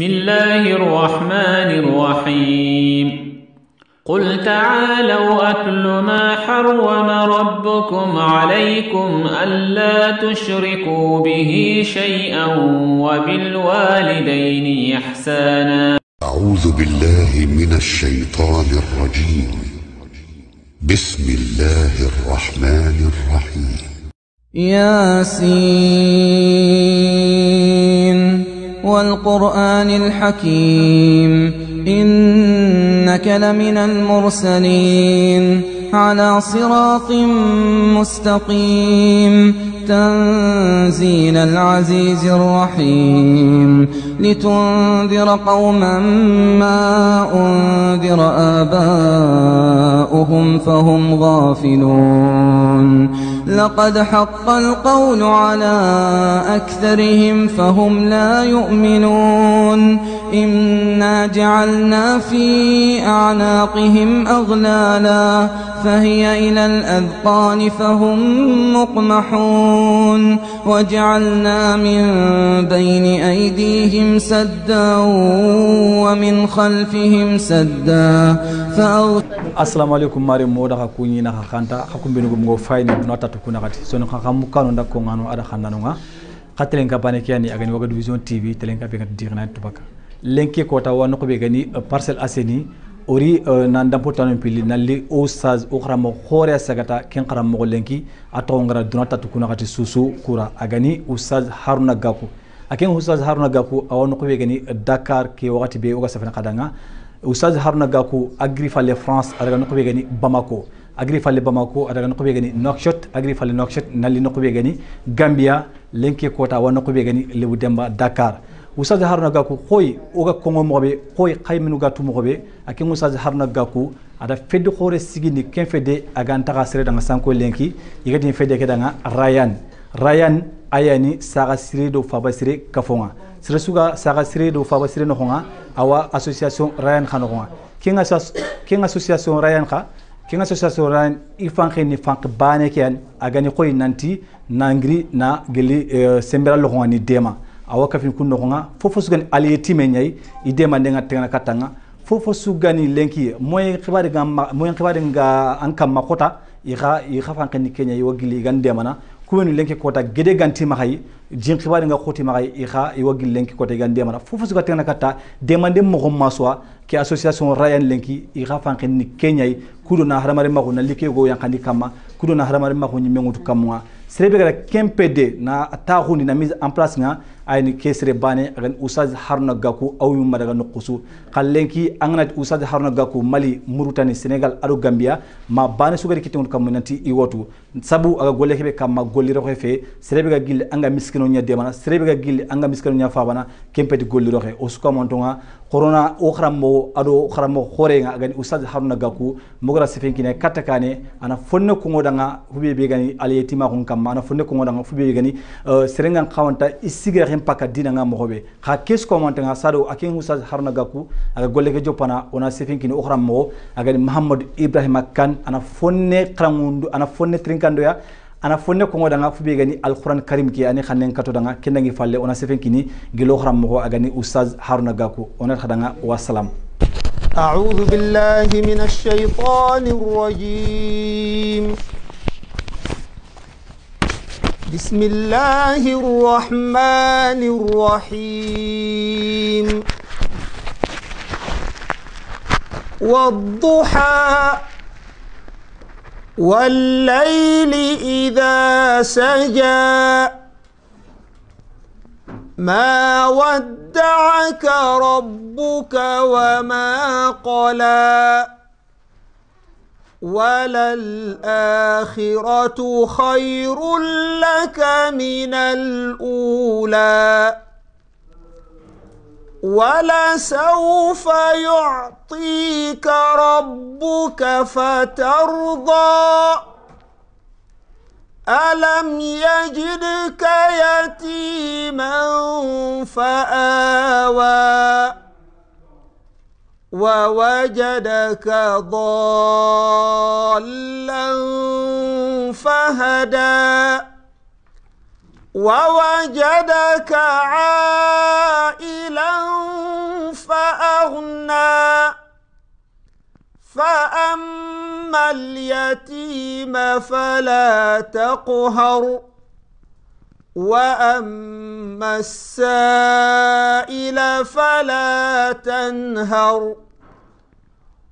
بسم الله الرحمن الرحيم قل تعالوا أكل ما حرم ربكم عليكم ألا تشركوا به شيئا وبالوالدين إحسانا أعوذ بالله من الشيطان الرجيم بسم الله الرحمن الرحيم ياسين والقرآن الحكيم إنك لمن المرسلين على صراط مستقيم تنزيل العزيز الرحيم لتنذر قوما ما أنذر آباؤهم فهم غافلون لقد حق القول على أكثرهم فهم لا يؤمنون إنا جعلنا في أعناقهم أغلالا فهي إلى الأذقان فهم مقمحون وجعلنا من بين أيديهم سدا ومن خلفهم سدا فأغ... السلام عليكم مريم مودا خكوني نخانتا خكم بنغم غفاين بنوتاتو kuna kati sono khakamu nda kongano ada khandano nga khatelen ka bane kiani agani waga division tv telen ka benga dirna tubaka lenke kota wano ko begani uh, parcel aseni ori uh, nan dampo pili nalli o saz o kharamo khore sagata ken kharamo lenki ato ngara dunata tukuna kati susu kura agani usaz haruna gaku aken usaz haruna gaku awano ko begani uh, dakar ke wakati be oga safana kadanga usaz haruna gaku agrifa le france arga no ko begani bamako agri falle bamako adaga noqobe gani nokshot agri falle nokshot nalli noqobe gani gambia lenke kota wa noqobe gani lebu demba dakar usaze haruna gaku koy oga kongo mobe koy qayminu gatu mobe ake usaze haruna gaku ada fedde khore sigini ken fedde aga ntaka sere danga sanko lenki igati fedde ke danga rayan rayan ayani saga sire do faba sire kafonga sere suga saga sire do faba sire no awa association rayan khanokonga kenga association rayan kha kenga association i fanke ni fanke bane ken agani koy nanti nangri na geli uh, eh, sembera loxonga ni dema awa kafin kun noxonga fofo sugani aliyetime ñayi i dema ndenga tegana kattanga fofo sugani lenki moyen xibari ga moyen xibari nga an kamma xota i xa i xa fanke ni kenya i wa gili i gan demana kubenu lenki kota gede gantimaxayi jin xibari nga xoti maxa i xa i wa gil lenki côté gan demana fofu suga tegna katta demande moxo maswa ke association rayan lenki i xa fanxin ni keñay kudo na haramari maxu na like go yanxandi kamma kudo na haramari maxu ñimengutu kammuga serebe gara kempd na taxundi na mise en place nga ayni ke sere bane agan usage haruna gaku aw madaga daga xa lenki a ganati usage haruna gaku mali mauritanie sénégal aɗo gambia ma bane sugari kittengutu kammu nanti i wotu sabu aga golle kebe kamma golliro xe fe sere be ga gilli anga miskino nya demana sere ga gilli anga miskino nya fabana kempeti golliro xe o suka montonga korona o xarammo ado xarammo xorenga agani ustad haruna gaku mogara sefenkine katta kane ana fonne kongo danga fube be gani aliyetima xun kamma ana fonne kongo danga fube be gani uh, serengan xawanta isigira xen paka dinanga moxoɓe xa kes komantanga sado aken ustad haruna gaku aga golle ke jopana ona sefenkine o xarammoxo agani mahamadou ibrahima kan ana fonne xarangundu ana fonne كندويا أنا فوني كونغو دانغا فبي غاني القرآن الكريم كي أنا خانين كاتو دانغا كندانغي فالي أنا سيفين كيني جلو خرام مهو أغاني أستاذ هارونا غاكو أنا خدانغا والسلام أعوذ بالله من الشيطان الرجيم بسم الله الرحمن الرحيم والضحى والليل إذا سجى ما ودعك ربك وما قلى وللآخرة خير لك من الأولى ولسوف يعطيك ربك فترضى ألم يجدك يتيما فآوى ووجدك ضالا فهدى ووجدك عائلا فأما اليتيم فلا تقهر وأما السائل فلا تنهر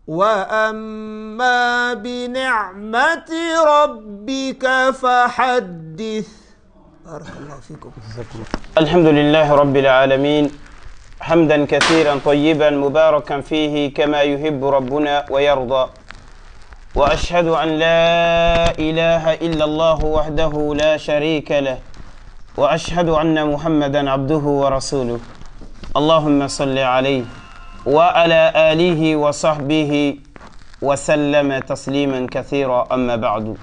وأما بنعمة ربك فحدث بارك الله فيكم الحمد لله رب العالمين حمدا كثيرا طيبا مباركا فيه كما يحب ربنا ويرضى واشهد ان لا اله الا الله وحده لا شريك له واشهد ان محمدا عبده ورسوله اللهم صل عليه وعلى اله وصحبه وسلم تسليما كثيرا اما بعد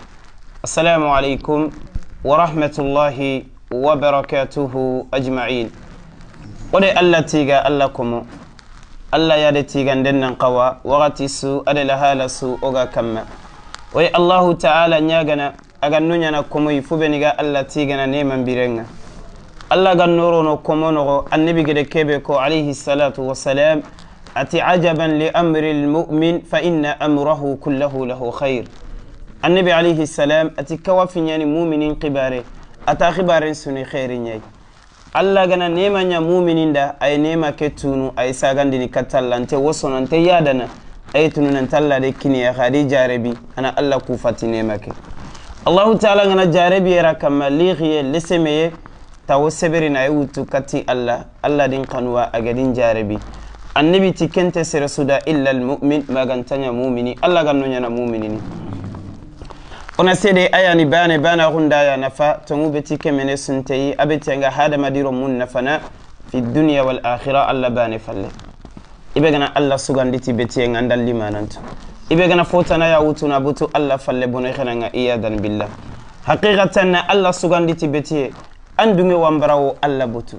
السلام عليكم ورحمه الله وبركاته اجمعين wode allah tiga allah komo allah yade tiganden nan kawa wakati su ade lahala su oga kamma woye allahu taala nyagana aga nuñana komoyi fu beniga tigana neman birenga allah ga norono komo nogo annabi gede kebe ko alayhi salatu wasalam ati ajaban li amri lmumin fa inna amrahu kullahu lahu khair annabi alayhi salam ati kawa fiñani muminin kibare ata kibaren suni kheri ñayi alla gana nema nya mumininda ay nema ke tunu ay sagandini katalla nte wosono nte yadana ay tunu nan talla de kiniya khadija rabi ana alla ku fati nema ke allah ta'ala gana jarabi era kamalihi lesemeye tawo seberina ay wutu kati alla alla din kanwa agadin jarabi annabi tikente sere suda illa almu'min magantanya mumini alla ganno nyana muminini ona sede ayani bane bana gunda ya nafa tongu beti kemene sunteyi abeti nga hada madiro mun nafana fi dunya wal akhirah alla bane falle ibe gana alla suganditi beti nga ndalli manantu ibe gana fotana ya wutuna butu alla falle bono khana nga iyadan billah haqiqatan alla suganditi beti andunge wambarawo alla butu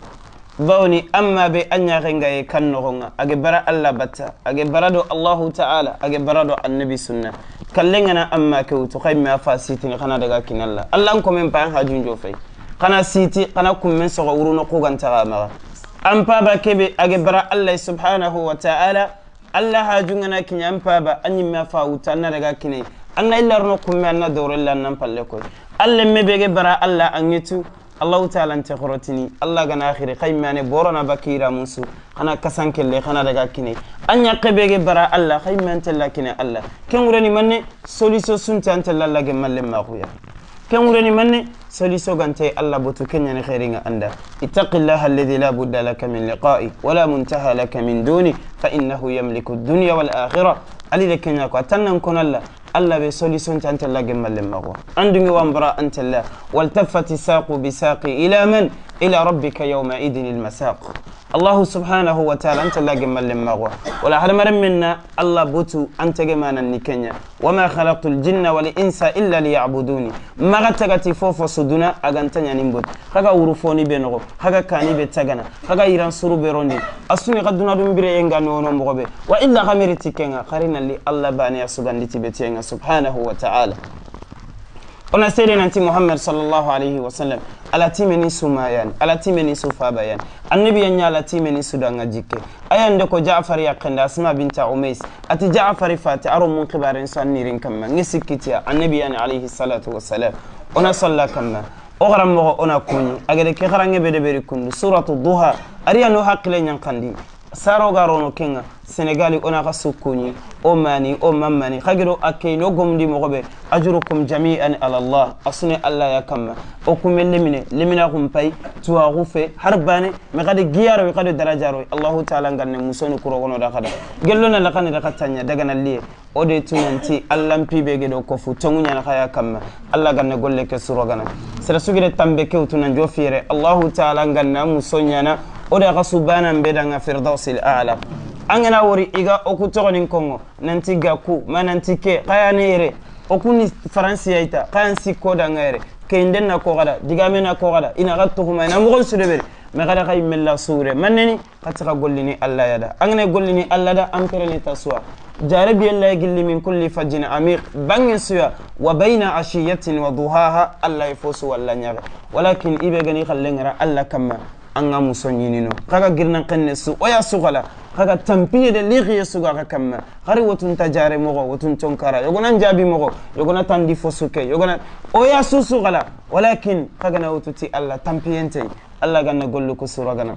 bawni amma be anyaxenga ye kan noxonga age bara alla batta age bara do allahu taala age bara do annabi sunna kallengana amma kew to khay ma fa siti kana daga kinalla allah ko men pa hajun jo fay kana siti kana kum men so wuruno ko ganta ma an paba kebe age bara allah subhanahu wa ta'ala allah hajungana kinya an paba anyi ma fa wuta na daga kinai an ga illar no kum men na dorilla nan palle ko allah mebe ge bara allah an yitu الله تعالى انت خرطني الله جن آخر خيم يعني بورنا بكيرا موسو خنا كسان كلي خنا دغا كني انيا قبيغي برا الله خيم انت كني الله كم غرني مني سوليسو سنت انت الله جمل ما خويا كم غرني مني سوليسو أنت الله بوتو كنيا خيرين اندا اتق الله الذي لا بد لك من لقائه ولا منتهى لك من دونه فانه يملك الدنيا والاخره علي لكن يا كو كن الله الله ألا بسوليسون تنتلا جمال للمغوى أندمي وامبرا انت أنتلا والتفت الساق بساق إلى من؟ إلى ربك يوم عيد المساق الله سبحانه وتعالى أنت لا جمال لما غو ولا هل مر منا الله بوتو أنت جمانا نكنيا وما خلقت الجن والإنس إلا ليعبدوني ما غتغتي فوفو سدنا أغانتني يعني نمبوت خاغا ورفوني بينغو خاغا كاني بتغنا خاغا يران سرو بيروندي أسوني غدنا دوم بيري إنغا نونو مغوبي وإلا غمرتي كنغا قرينا لي الله باني أسوغان لتبتينغا سبحانه وتعالى ona sere nanti muhammad sallallahu alaihi wasallam alati meni sumayan alati meni sufabayan annabi yanya alati meni sudanga jike ayan de ko jaafar ya asma binta umais ati jaafar fati aron munkibar kibarin sannirin kamma ngisi kitiya annabi yani alaihi salatu wasalam ona salla kamma o mogo ona kunyi agede ke garange bede beri kundu suratu duha ariya no nyankandi saro garono kenga senegali ona ka kunyi o mani o mammani kagiro akkeino gomdi gobe ajurukum jami'an ala allah asune allah ya kamma o kume lemine lemina kum pay a rufe har me gade giyaro giyaroy gade darajaro allahu taala nganne musoni kurogonoda xada gellona da daga daga na liye o de tunanti allanpiɓe geɗo kofu tonguñana khaya kamma allah ganne golle ke gana sera sugire tambe tunan jo allah allahu taala nganna musonyana o de ka ka subana n bɛ firdausil ala an kana wori i ka oku tɔgɔ nin kɔngɔ nanti ga ku ma nanti kɛ kaya ne yɛrɛ oku ni ita kayan si ko dan ka yɛrɛ keinden na kogada digame na kogada ina ka tuhuma ina mogol sudebere me kada ka su sure manneni katika ka gollini allah yada angne gollini allah da ni taswa jarabi allah gilli min kulli fajin amir bangi suya wa baina ashiyatin wa duhaha allah ifo su nyaga walakin ibe gani khallengara allah kamma an ka muso ɲinino xa ka girinanxenne su o ya suxala xa ka tanpiyede lixiye suga xa kanma xari wotunta jare moxo wotun conkara yogona njaabi moxo yogona tandi fo suke yogona o ya su suxala walakin xa gana wotuti allah tanpiyentey allah ganna gollu ku sura gana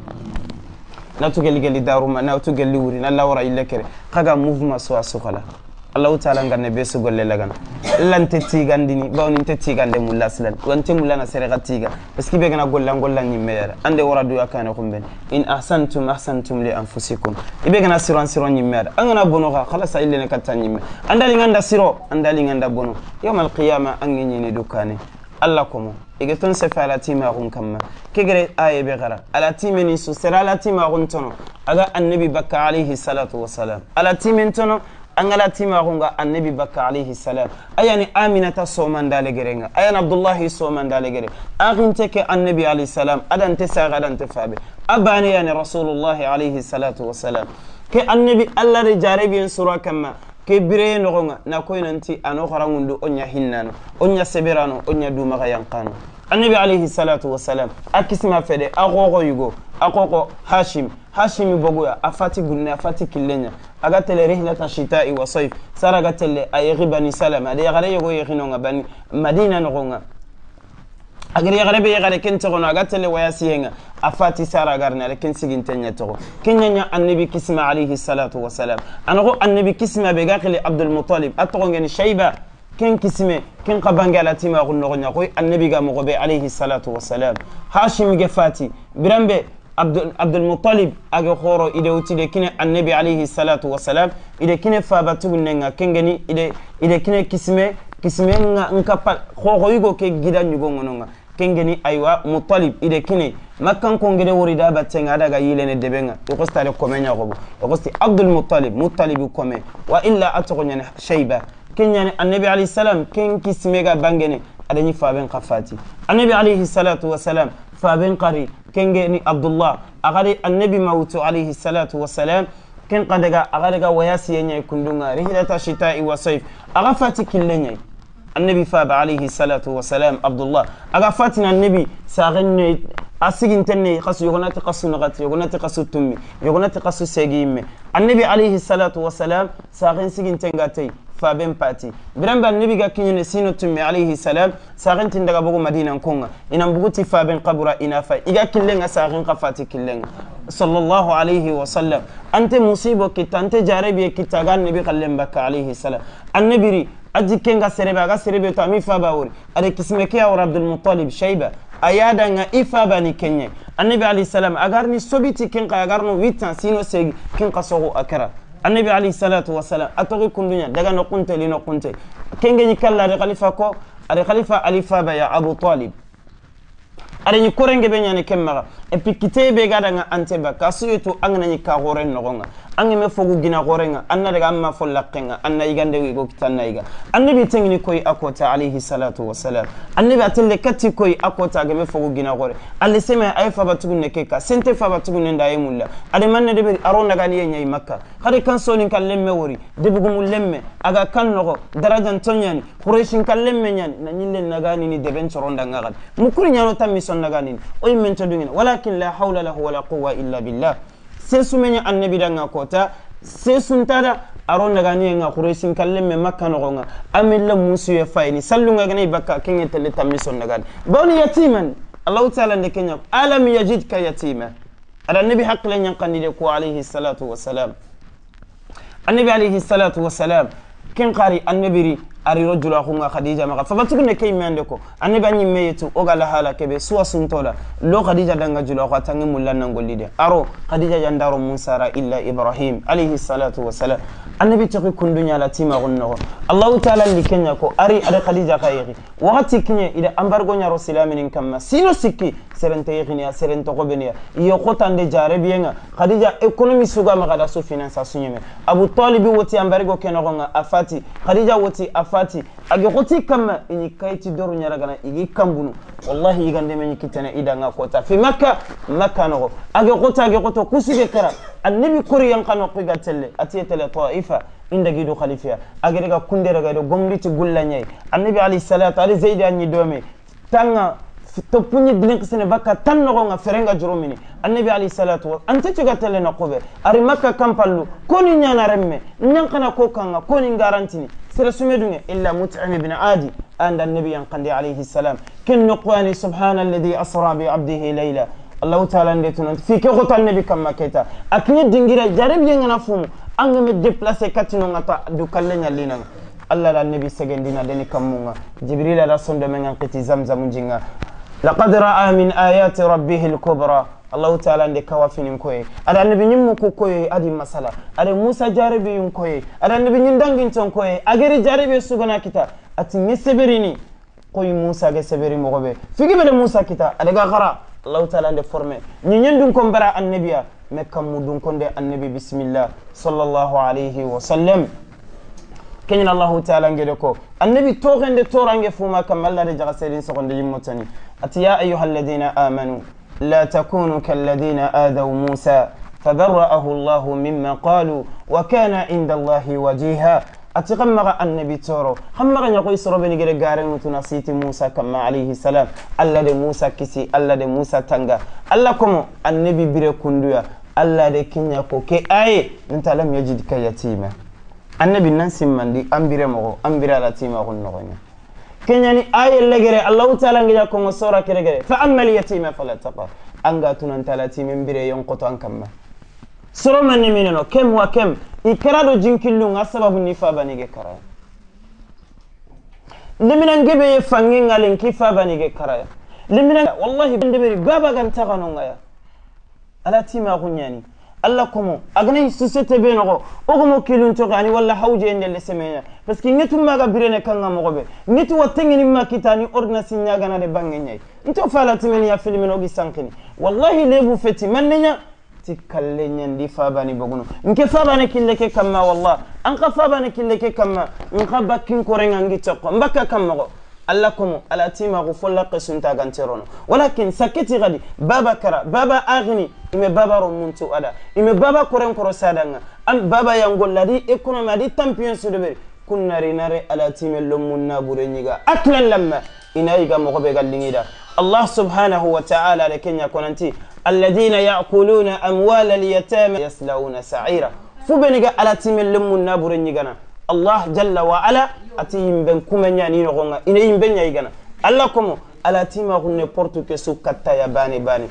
natu geligeli daruma natu gelli wurin allah wara ille kere xa ga mouvement su a suxala allahu taala nganne be sugolle lagana lante nte tigandini bawo ni nte tigande mu laslan wa nte mulla na sere gatiga tiga parce que be gana golla golla ni mer ande wara du yakane ko ben in ahsantum ahsantum li anfusikum ibe gana siron siron ni mer angana bono ga xa halasa illene katta ñimme andali nganda siro andali nganda bono yawmal qiyama angini ni dukane Allah ko mo komo ege ton se tima ala kam ke gere aye be gara ala timeni su sera ala timaxun tono aga annabi bakka alayhi salatu wasalam ala timen tono angala timaxunga annabi bakka alayhi salam ayani aminata somandale gerenga ayan abdullahi somandale gere axinte ke annabi alayhi salam adante saxe adante fabe a bane yani rasulullahi alayhi salatu wasalam ke annabi allah de jarebiyen sura kamma ke bireye noxonga na koynanti ano xarangundu o ɲa hinnano o ɲa seberano o ɲa dumaxa yanqano annabi alayhi salatu wasalam a kisima fede a xoxo yugo a xoxo hashim hashimi bogoya afati gunne afati killenya aga tele rihlata shita'i wa sayf sara ga tele ayegi bani salama de yagare yogo yegino nga bani madina no nga agari yagare be yagare ken togo aga tele waya siyenga afati sara garna le ken sigin tenya togo kenya annabi kisma alayhi salatu wa salam anago annabi kisma be gaqli abdul muttalib atogo ngeni shayba ken kisime ken qabange ala tima gunno nya koy annabi ga mogo be alayhi salatu wa salam hashim ge fati birambe abdulmutalib age horo ide utide kine annabi alayhi salatu wasalam ide kine fabatugunenga kengeni ide ide kine kisime kisime nga nkapa hohoyigo ke gida ñugongononga kengeni aywa mutalib ide kine makkan kongede worida abattenga adaga yilene debenga ikostare kome ñagobo ikosti abdulmutalib mutalibi kome wa illa atogoñane sheiba kenyani annabi alayhi salam ken kisime ga bangene adañi faben ka fati annabi alayhi salatu wasalam فابن قري كنجني عبد الله أغري النبي موت عليه الصلاة والسلام كن قدغا أغرغا وياسي ينعي كندونا رهلة شتاء وصيف أغفاتي كلنعي النبي فاب عليه الصلاة والسلام عبد الله أغفتنا النبي ساغني أسيجن تني قص يغنى تقص نغت يغنى تقص تومي يغنى تقص سجيم النبي عليه الصلاة والسلام ساغن سجن تنغاتي فابن باتي برنبا النبي كيني نسينو تمي عليه السلام ساغنت ندغا بوغو مدينة نكونغ إن بوغوتي فابن قبرا إنافا إيغا كيلينغا ساغن قفاتي كيلينغ صلى الله عليه وسلم أنت مصيبو كتا أنت جاربية كتا غان نبي قلن بك عليه السلام النبي أجي كينغا سريبي أغا سريبي تامي فاباوري أدي كسمكي أو عبد المطالب شايبة أيادا نغا إفابا نكيني النبي عليه السلام أغارني سوبيتي كينغا أغارنو ويتان سينو سيغ كينغا سوغو أكرا النبي عليه الصلاة والسلام أتوقع كل دنيا دعنا قنتي لنا قنتي كن جني كلا الخليفة كو الخليفة الخليفة بيا أبو طالب أرني كورن جبيني أنا كم مرة إبكي تي بيجا دعنا أنتبه كاسيو تو أغنى نيكا angeme fogu gina gorenga anna daga amma follaqenga anna igande wi go kitanna iga annabi tengini koy akota alayhi salatu wassalam annabi atelle katti koy akota game fogu gina gore alle sema ay faba tugunne keka sente faba tugunne ndaye mulla ade manne debe aron daga ni nyai makka hade kan sonin kan lemme wori debe gumul lemme aga kan nogo darajan tonyani quraishin kan lemme nyani na nyille nagani ni deben choronda ngagal mukuri nyano tammi son naga ni oy men tadungina walakin la hawla se sumenya annabi danga kota se suntada aron daga ni nga quraysin kallem me makka no nga amilla musu ya fayni sallunga gane bakka kenya tele tamison daga bawni yatiman allah ta'ala ne kenya alam yajidka yatima ada nabi haqqan yanqani de ko alayhi salatu wassalam annabi alayhi salatu wassalam kin qari annabiri ari rojulu akunga khadija maka fabatukune kay imende ko ane ba nyimme yetu oga kebe suwa suntola lo khadija danga julu akwa tangi mulla nangolide aro khadija jandaro musara illa ibrahim alayhi salatu wasalam annabi taki kundunya la tima gunno allah taala li ko ari ari khadija kayi wakati kinye ida ambargo nyaro silaminin kamma sino sikki serente yikhini serente ko benia iyo khotande jare bienga khadija economy suga maka da su finance sunyeme abu talib woti ambargo kenogonga afati khadija woti afati fati age xoti kanma iñi kayiti doru ñaragana igi kambunu wallahi iga ndemeñi kittene idanga kota fi makka makka noxo age xota age xoto ku sige kara annabi kori yanxano qiga telle atiye tele taifa indagidu xalifiya age rega kunderega ido gomriti gullañayi annabi alayhi salatu ali zeyde añi doome tanga topuñi dinekisene bakka tan noxonga ferenga jurumini annabi alayhi salatu wa anta cuga telle na qube ari makka kampallu koni ñana renme ñanxana ko kanga koni ngarantini ترسمدني إلا متعم بن عادي أن النبي قندي عليه السلام كن نقواني سبحان الذي أسرى بعبده ليلى الله تعالى نديتون في كغوت النبي كما كيتا أكني دنجرة جارب ينغنا فمو أنغم ديبلاسي كاتنو نغتا دوكالنا لنا الله النبي دينا دني كمونا جبريل رسول دمنا قتي زمزم لقد رأى من آيات ربه الكبرى allahu taala nde kawafinin koye aɗa annabi ñin mo ko koye adi masala aɗa moussa jarabe yum koye aɗa annabi ñin danginton koye ageri jarabe sugana kita ati ñe seɓerini koye moussa ge seɓeri mogoɓe figiɓeɗe moussa kita aɗaga hara allahu taala nde formé ñiñen ɗum kon bara annabiya mais kammu ɗum konde annabi bisimillah sallllahu alayhi wa sallam keñen allahu taala ngede ko annabi toxende torange fuma kam allah de jaga seeɗin sogonde yimmotani ati ya ayuha alladina amanu لا تكونوا كالذين آذوا موسى فبرأه الله مما قالوا وكان عند الله وجيها ati xammaxa annabi toro xammaxa ñaxoy sorobeni gede garenutuna siti musa kamma alayhi salam allah de musa kisi allah de musa tanga allah komo annabi bire kunduya allah de kenya ko ke aye nta lam yajid ka yatima annabi nan simmandi an bire moxo an bire alatima xun noxoña كنيني أي اللجرة الله تعالى نجا كون صورة كرجرة فأما اليتيم فلا تقهر أنجا تنان تلاتي من بري يوم قط أن كم صورة من منو كم وكم إكرادو جن كلون أسباب النفا بنيجي كرا لمن أنجب يفنجن على النفا بنيجي كرا لمن والله بندبري بابا كم تغنون يا على تيم أغنياني الله كم أغني سوسيت بينه أغمو كيلون تغاني ولا حوجة إن اللي سمينا بس كي نتو ما غبرنا كنا مغبى نتو وتنين ما كتاني أردنا سنيا غنا ربعني ناي نتو فلات مني يا فيلم نوبي سانكني والله ليبو فتي من نيا تكلني عندي فاباني بغنو إنك فاباني كلك كم والله أنك فاباني كلك كم إنك بكين كورين عندي تقو بكا كم مغبى alla komo ala timaxu fo laqe suntaganterono walakin sakketi xadi baba kara baba axini ime baba ro muntu ada ime baba koren koro sadanga an baba yangolladi économie adi tampion sudeberi kunnarinare ala time lommun nabure ñiga akilan lamma ina yiga moxo ɓe ga liŋida allah subhanahu wa taala le kenya konanti alladina yakuluna amwala lyatama yaslauna saira fu beniga ala time lommun nabure ñigana allah jalla wa ala ati yimben kumenya ni nogonga ine yimben nya igana allah komo ala tima kunne portu ke su katta ya bani bani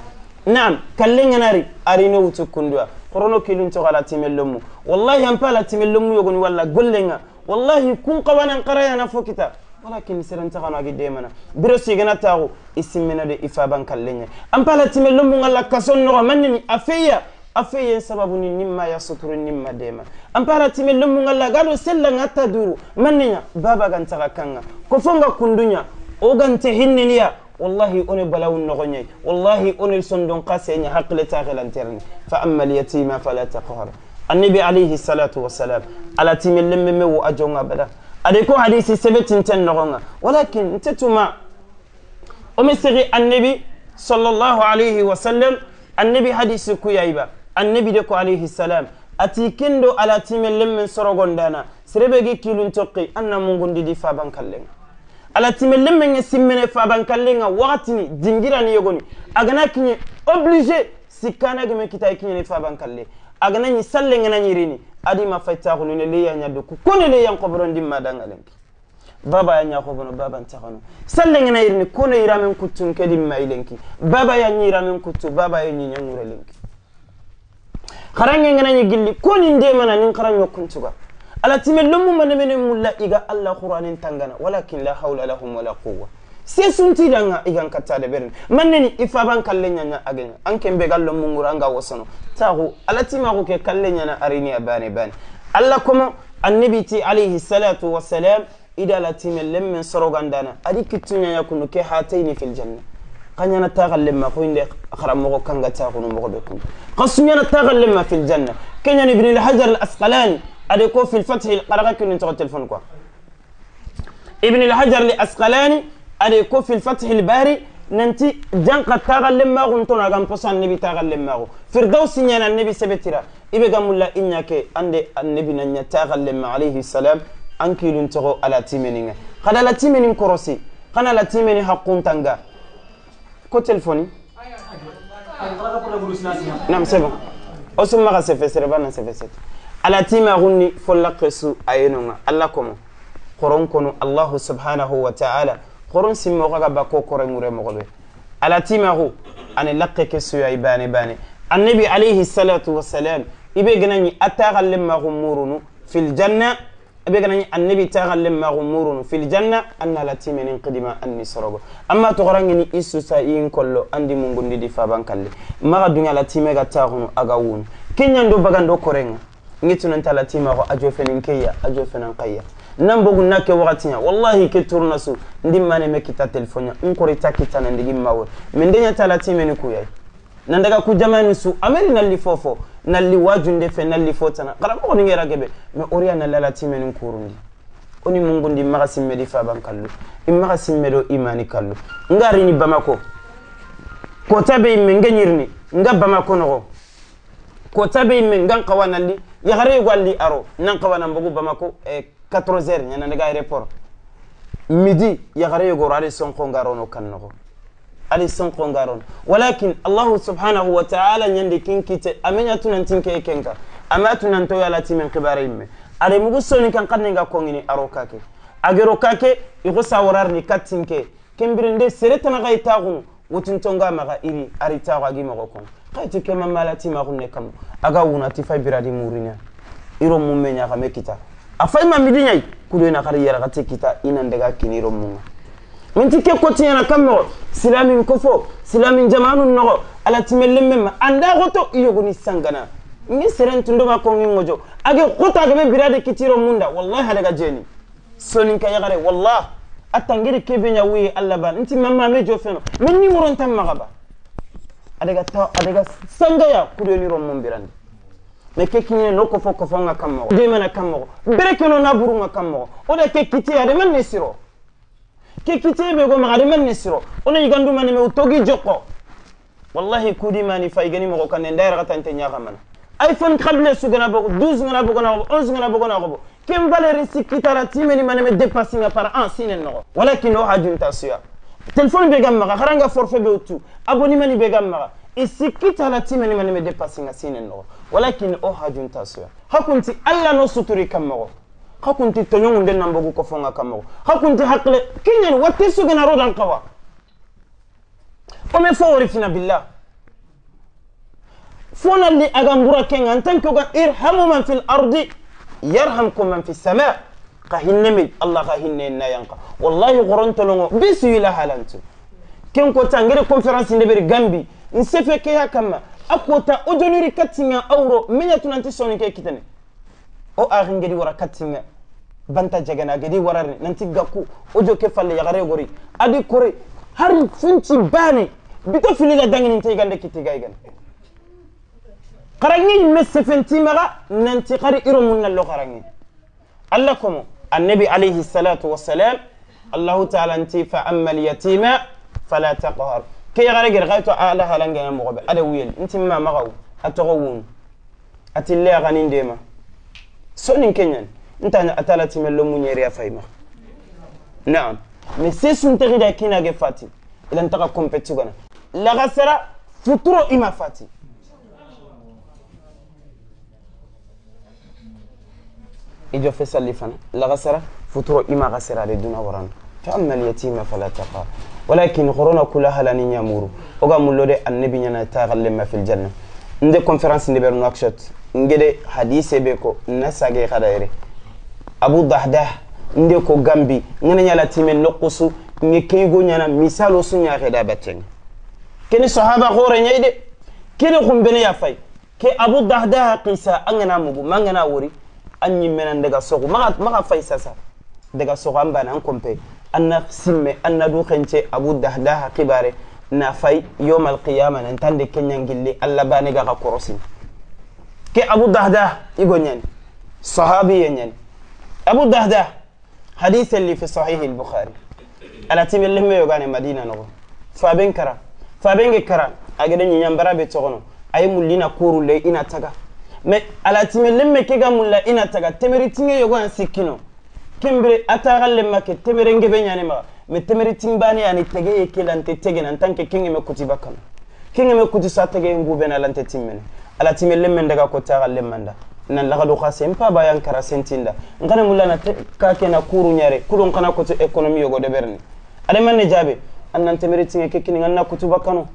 naam kallenga nari ari no wutu kundwa korono kilun to ala timellomu wallahi am pala timellomu yogoni walla gollenga wallahi kun qawana qaraya na fokita walakin siran ta kana gide mana biro si gana tawo isimena de ifaban kallenya am pala timellomu ngalla kason no manni afiya afe yen sababu ni nimma ya suturu nimma dema ampara time lumu ngalla gado sella ngata duru manninya baba gantaka kanga kofonga kundunya ogante hinniniya والله أنا بلاو النغني والله أنا الصندوق قاسي حقل تاغل انترني فأما اليتيمة فلا تقهر النبي عليه الصلاة والسلام على تيم اللم مو أجونا بدا أديكو حديثي سبت انتن نغنى ولكن انتتما أمسغي النبي صلى الله عليه وسلم النبي حديث كيايبا annabi de ko alaihi salam a ati kendo ala limmin lemmen sorogondana sirebe gi kilun tokki anna mungundidi fabankallenga ala timen lemmen ge simmene ni dingira ni yogoni agana kinye obligé sikkanageme kitai kiñene fabankalle agana ñi sallenga nañirini adima faytaxunune leya ñaddu ku kone di madanga dangalenki baba ya ñaxobono baba salle ngana yirini kone yiramen kuttun kedimma ilenki baba ya ñiramen kuttu baba ya ñiñangure lenki karange ngana gilli ko nin de mana nin karanyo kuntuga ala timen lumu mana mene mulla iga allah qur'anin tangana walakin la hawla lahum wala quwwa se sunti danga igan katta de ifa ban kallen yanya nyanya an anke be gallo mungura anga wasano tahu ala ko ke kallen yana arini abane ban allah kuma annabi ti alaihi salatu wassalam ida la timen lemmen sorogandana adi kittunya yakunu ke ni fil janna قنينا تاغل لما كوين دي خرم مغو كانغا تاغون مغو بكم قصنينا تاغل لما في الجنة كنيا ابن الحجر الأسقلاني أديكو في الفتح القرقة كن انتغو التلفون كوا ابن الحجر الأسقلاني أديكو في الفتح الباري ننتي جنقة تاغل لما غنتون أغام بوسان نبي تاغل لما غو فردوس نيانا النبي سبترا إبقى ملا إنك أندي النبي نانيا لما عليه السلام أنكي لنتغو على كروسي حقون كو نعم سي بون اوسو مغا سي فيسر بانا سي فيسر على تيما غني فلقسو اينونا اللهكم قرون كونو الله سبحانه وتعالى قرون سيمو غا باكو قرون غوري مغلو على تيما غو ان لقك سو اي باني باني النبي عليه الصلاه والسلام يبي غناني اتا مغمورونو في الجنه بيغنا النبي تاغل لما غمور في الجنة أن لا تيمن قدم أني سرغ أما تغرنني إسو سايين كله أندي مونغون دي فابان كالي ما دنيا لا تيمي غتاغن أغاون كين يندو بغندو كورينغ نيتون انت لا تيما غو أجو فنن كيا أجو فنن قيا nan bogu na ke wakati ya wallahi ke turna su ndi mane me kita telefonya nkori ta kita na ndigi mawe mendenya talati meni kuyai nandaka ku jamanu su ameri nalli fofo nalli wajunde fe nalli fotana karamɔgɔ ni ngera gɛbɛ me oriya na lala timɛ ni kurundi o ni mungundi magasimmedi faban kallu i magasimmedo imani kallu nga rini bamako kota be imme nge nga bamako nogo kota be imme ngan kawa nalli yagare walli aro nan kawa nan bamako eh, 14 heures ñanandaga aéroport midi yagare yogoro ade sonko ngarono kan ali sen kongaron walakin allahu subhanahu wa ta'ala nyande kin kite amenya tunan tin ke kenka ama tunan to yala ti men khibare imme ale mugu soni kan kanne ga kongini aroka ke agero ka ke igu sawarar ni katin ke kimbirinde sereta na ga itagun wutun tonga ma ga iri ari ta ga gi mago kon kaiti ke mamala ti ma gunne kam aga wuna ti fa biradi murina iro mumme nya ga me kita afai ma midinyai kudena kari yara ga te kita inan daga kiniro mumme won ti ke ko tiɲɛna kan mɔgɔ silamin ko fo silamin jamanu nɔgɔ ala timɛlen bɛ ma an da sangana ni seren tundo ba ko ngin mojo age kota ga birade kitiro munda wallahi daga jeni sonin ka yagare wallahi atangere kebe nya wi alla ba nti mamma me jo feno min ni muron tan magaba adaga ta adaga sangaya kudo ni ron mun birande me ke kinye no ko fo ko fo nga kammo de mena kammo bere keno na buru nga kammo o de ke kiti ade man ni siro كيكتي بيغو مغاري من نسرو انا يغندو ماني مو توغي جوكو والله كودي ماني فايغاني مغو كان ندير غتا انت نياغا مان ايفون خابنا سوغنا بوغ 12 غنا بوغنا 11 غنا بوغنا غبو كيم فاليري سيكي تارا تي ماني ماني مي ديباسينغ بار ان سين نو ولكن هو حاجون تاسيا تلفون بيغام مغا خرانغا فورفي بيو تو ابوني ماني بيغام مغا isiki talati mani mani me depasi nga sine nogo. Walakin o hajun tasuya. Hakunti Allah no suturi kamogo. خاكون تيتيون دين نمبوغو كفونغا كامو خاكون تي حقل كينين واتيسو جنا رود القوا قومي فوري فينا بالله فونا اللي اغامبورا كين ان تنكو غا ارحموا من في الارض يرحمكم من في السماء قاهن نمل الله قاهن نينا ينقى والله غرنت لونو بيسو يلا هالانتو كين كو تانغيري كونفرنس نبري غامبي نسيفي كيها كما اكو تا اودونيري كاتينيا اورو مينيا تونانتي سوني كي كيتاني o axin gedi wara kattinga banta jagana gedi wararni nanti gakku o jo ke falle yaxare gori adi kore har funci bane bito filila dangininte igande kittiga igana xaranŋe yimme sefentimaxa nanti xari iro mun nallo xaranŋe alla komo annabi alayhi salatu wasalam allahu taala nti fa amma alyatima fala taqhar ke yaxare gere xayi to ala halangena moxoɓe ada wuyel nti mamaxawu a toxo wunu ati le axanin dema سونين كينيان انت انا اتلات من لو مونيريا فايما نعم مي سي سون تيغيدا كينا جي فاتي الا انت كومبيتي غانا لا غاسرا فوترو ايما فاتي ايجو في سالي فانا لا غاسرا فوترو ايما غاسرا لي دونا وران فاما اليتيم فلا تقى ولكن غرونا كلها لا نيامورو وغامولو دي النبي نتاغلم في الجنه nde conférence nde ɓeɗo nouakchot gueɗe hadise ɓe ko nasage hadayre abou dahdah nde ko gambi ngana ñala timen noqusu nge keygo ñana misal o suñaxeɗa battenga kene sahaba hoore ñayi de kene xumbene ya fay ke abou dahdah qisa a ngana mugu ma ngana wori a ñimmenan daga soxu maxa fay sasa daga soxu an bana an compe an na simme an du xence abou dahdah xibare nafay yom alqiyama nantande keñangilli allah banegaxa korosini ke abu dahda igo ñani sahabiye ñani abu dahda hadiselli fi sahihi lbukhari alatiɓe lemme yogane madina nogo faben kara fabenge kara agede ñiñambaraɓe togono aye mullina kurulle ina taga mais time lemme kega mulla ina taga temeri tinge yogo an sikkino kembire ataxan lemma ke temere ngebe ñanemaxa me temere timbani ani tege ke lante tege nan tanke kinge me kuti bakam kinge me kuti sa tege ngu bena lante timmene ala timme lemmen daga ko taga lemmanda nan la lagadu khase mpa bayan kara sentinda ngana mulla mulana ka ke na kuru nyare kulun kana ko to economy yogo de berne ale manne jabe an nan temere tinge ke kinge anna kuti bakano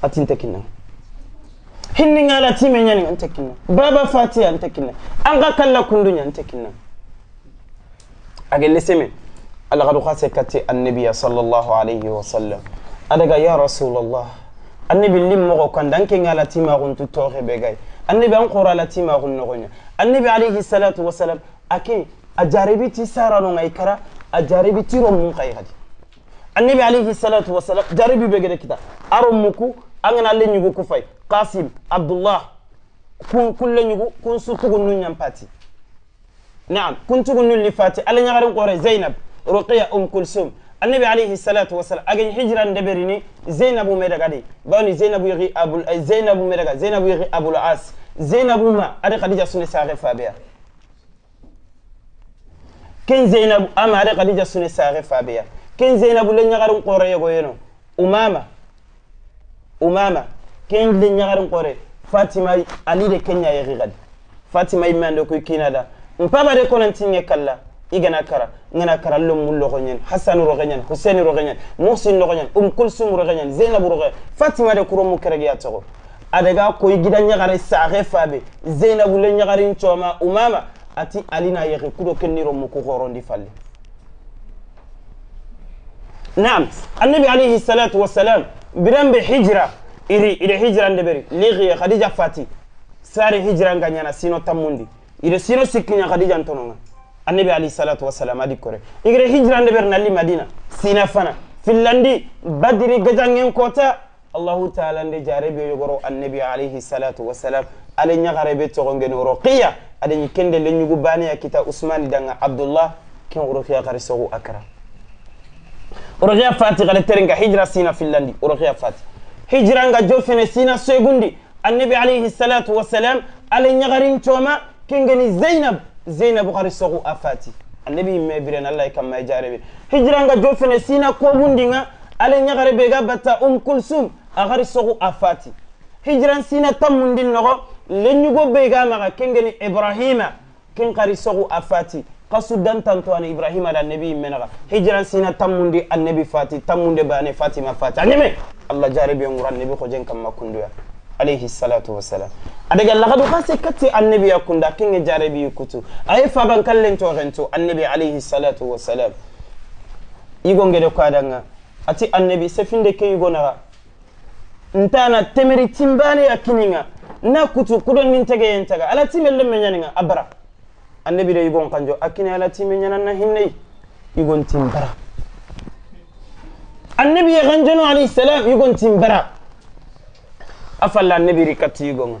atinte kinna hinni ngala timme nyani ante kinna baba fatia an ante an ga kala kundunya ante kinna agelle semen alagadu khase kati annabiya sallallahu alayhi wa sallam adaga ya rasulullah annabi lim mogo kanda anke ngala tima guntu toxe begay annabi an qora la annabi alayhi salatu wa salam ake ajaribi ti sarano ngai kara ajaribi ti romun kai annabi alayhi salatu wa salam jaribi begede kita arom muku angana le nyugo kufay qasim abdullah kun kulle nyugo kun sutugun nun nyampati نعم كنت قلنا اللي فاتي ألا نغرم قري زينب ruqiya um kulsum annabi alayhi salatu wasalam agani hijran deberini zainabu medagadi bawni zainabu yiri abul zainabu medaga zainabu yiri abul as zainabu ma ade khadija sunne sare fabeya ken zainabu ama ade khadija sunne sare fabeya ken zainabu le nyagarin qore yego yeno umama umama ken le nyagarin qore fatima ali de kenya yiri gadi fatima imande ko kinada mpaba de konantinge kala igana kara ngana kara lom mul loxo ñen hasan roxo ñen husaini roxo ñen muhsin roxo ñen um kulsum roxo ñen zainab roxo fatima de kuromu kerege ya toxo adaga koy gida ñaxare saxe fabe zainabu le ñaxarin cooma umama ati alina yexe kudo ken ni romu ku xorondi falle naam annabi alayhi salatu wasalam biran be hijra iri ide hijra ndeberi lixiye khadija fati sari hijra nga ñana sino tammundi ide sino sikkiña النبي عليه الصلاة والسلام هذه كره يجري هجرة النبي رنا لمدينة سينافنا فيلاندي بدري جدعين كوتا الله تعالى نجاري بيجبرو النبي عليه الصلاة والسلام على نجاري بتوعن جنورو قيا على نكند لنجو بانيا كتا عثمان دعنا عبد الله كن ورخيا قرسو أكرا ورخيا فاتي قال ترينك هجرة سينا فيلاندي ورخيا فاتي هجرة عن جوفين سينا سوغندي النبي عليه الصلاة والسلام على نجارين توما كن جني زينب zainabu hari sogo afati annabi me biren allah kam may jarebe hijranga jo fene sina ko mundinga ale nyagare be ga batta um kulsum agari sogo afati hijran sina tamundin nogo lenyugo be ga maga kengeni ibrahima ken qari sogo afati kasudan tanto an ibrahima da annabi menaga hijran sina tamundi annabi fati tamunde bane fatima fati anyeme allah jarebe nguran nabi ko jen kam makunduya alayhi salatu wassalam adaga lagadu kase kati annabi ya kunda kinge jarabi yukutu ay faban kallin to rento annabi alayhi salatu wassalam igo ngede ko adanga ati annabi sefinde ke igo na ntana temeri timbani ya kininga na kutu kudon min tege yentaga ala timelle menyaninga abara annabi de igo kanjo akini ala timenyana na hinne igo timbara annabi ya ganjano alayhi salam igo timbara afalla annabi rikati igo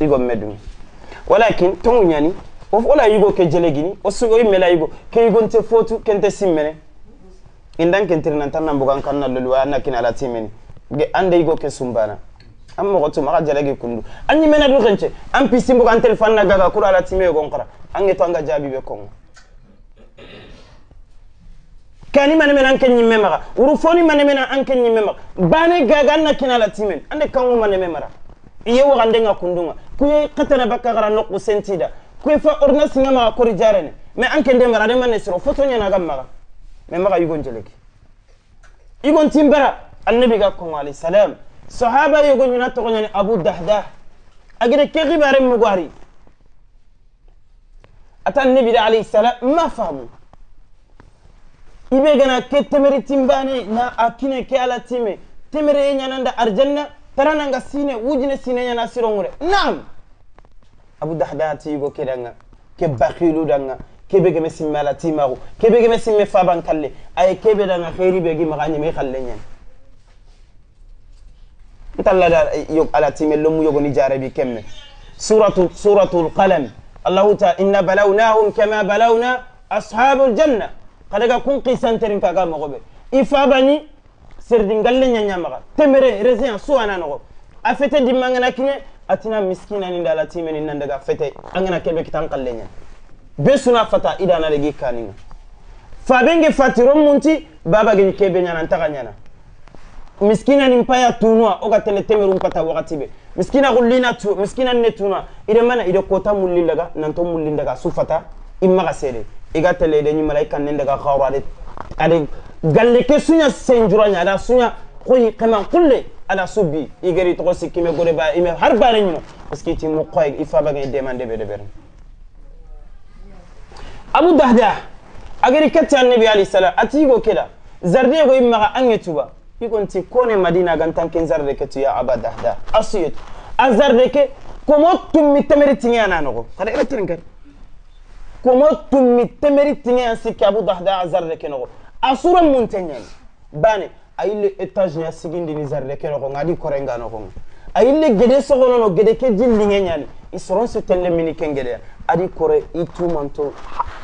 igo medumi. walakin tongu nyani of ola yugo ke jelegini o mela imela yugo ke yugo nte fotu kente simmene indan kentir nan tan bugan kan na lulwa kin ala timini ge ande yugo ke sumbana am mo gotu ma jelegi kundu anyi mena du kenche am pisi bugan telefon na gaga kura ala timme yugo nkara ange to anga jabi be kongo kani mane mena anke nyimme urufoni mane mena anke nyimme bane gaga na kin ala timini ande kangu mane mena iye waxandenga kundunga kuye xetana bakka xara noqu sentida kuye fa ordonnance nga maxa kori jarene mais an kende mara adema ne siro foto ñanagam maxa mais maxa yugon jeleki igon timbara annabi ga kongo alayhi salam sahaba yogo ñuna toxoñani abu dahdah agede kee xibaren mugwari ata annabi da alayhi salam ma faamu ibe gana ke temeri timbane na a kine ke ala time temere ye ñananda arjanna ترانا غاسيني وجنا سيني انا سيرونغور نعم ابو دحداتي يغو كيرانغا كي باخيلو دانغا كي بيغي مسي مالا تيمارو كي بيغي مسي مي فابان كالي اي كي بي دانغا خيري بيغي مغاني مي خالي نين انت الله دار يوك على تيمي لوم يوغو نجاري بي كم سورة سورة القلم الله تعالى إن بلوناهم كما بلونا أصحاب الجنة قد يكون قيسان ترين فاقام غبي إفابني serdi ngalle ñañamaxa temere résident suwana noxo a fete dimma ngana kine atina miskina ni dala timeni nan daga fete angana kebe kitan kalle ña be suna fata idana legi kaninga fabenge fatiro munti baba geni kebe ñana ntaxa ñana miskina ni mpaya tunua oga tele temeru mpata wakati be miskina gullina tu miskina ne tunua ide mana ide kota mulli daga nanto mulli daga sufata imma ga sere iga tele de ni malaika ne daga khawra de ade galle ke sunya senjura nya ala sunya koy kama kulle ala subbi igari to sikki me gore ba ime har bare nyimo parce que ti mo koy ifa ba ngi demande be de ber abu dahda agari katta annabi ali sallam ati go keda zarde go imma an yetuba ikon ti kone madina gan tanken zarde ke tu ya abu dahda asiyet azarde ke komo tummi temeri tinya nanogo kada ira tirin kar komo tummi temeri tinya sikki abu dahda azarde ke nogo asura mun bane ayille etage ya sigindi ni zarre kero ko ngadi kore ngano ko ayille gede so sogono no gede ke jindi nyani isoron se telle mini kengede adi kore itu manto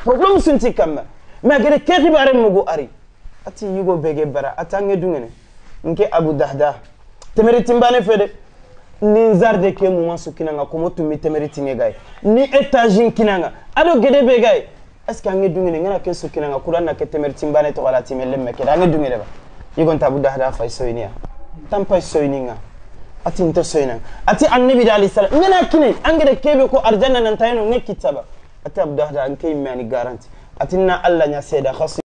problem sunti kam ma gede ke khibare mugo ari ati yugo bege bara atange dungene nke abu dahda temere timbane fede ni zarde ke mu masukina kinanga komo tumi temeri tinge ni etage kinanga ado gede be est ce que an ye dumuni ngana ke sukina nga kuran na ke temertin bane to wala timelle me keda an ye dumuni ba yigon tabu da hada fay soyniya tan pay soyninga ati nta soyna ati annabi da alayhi salam ngana kini an gada kebe ko arjanna nan tayno ne kitaba ati abdu hada an kay mani garanti ati na allah nya seda khas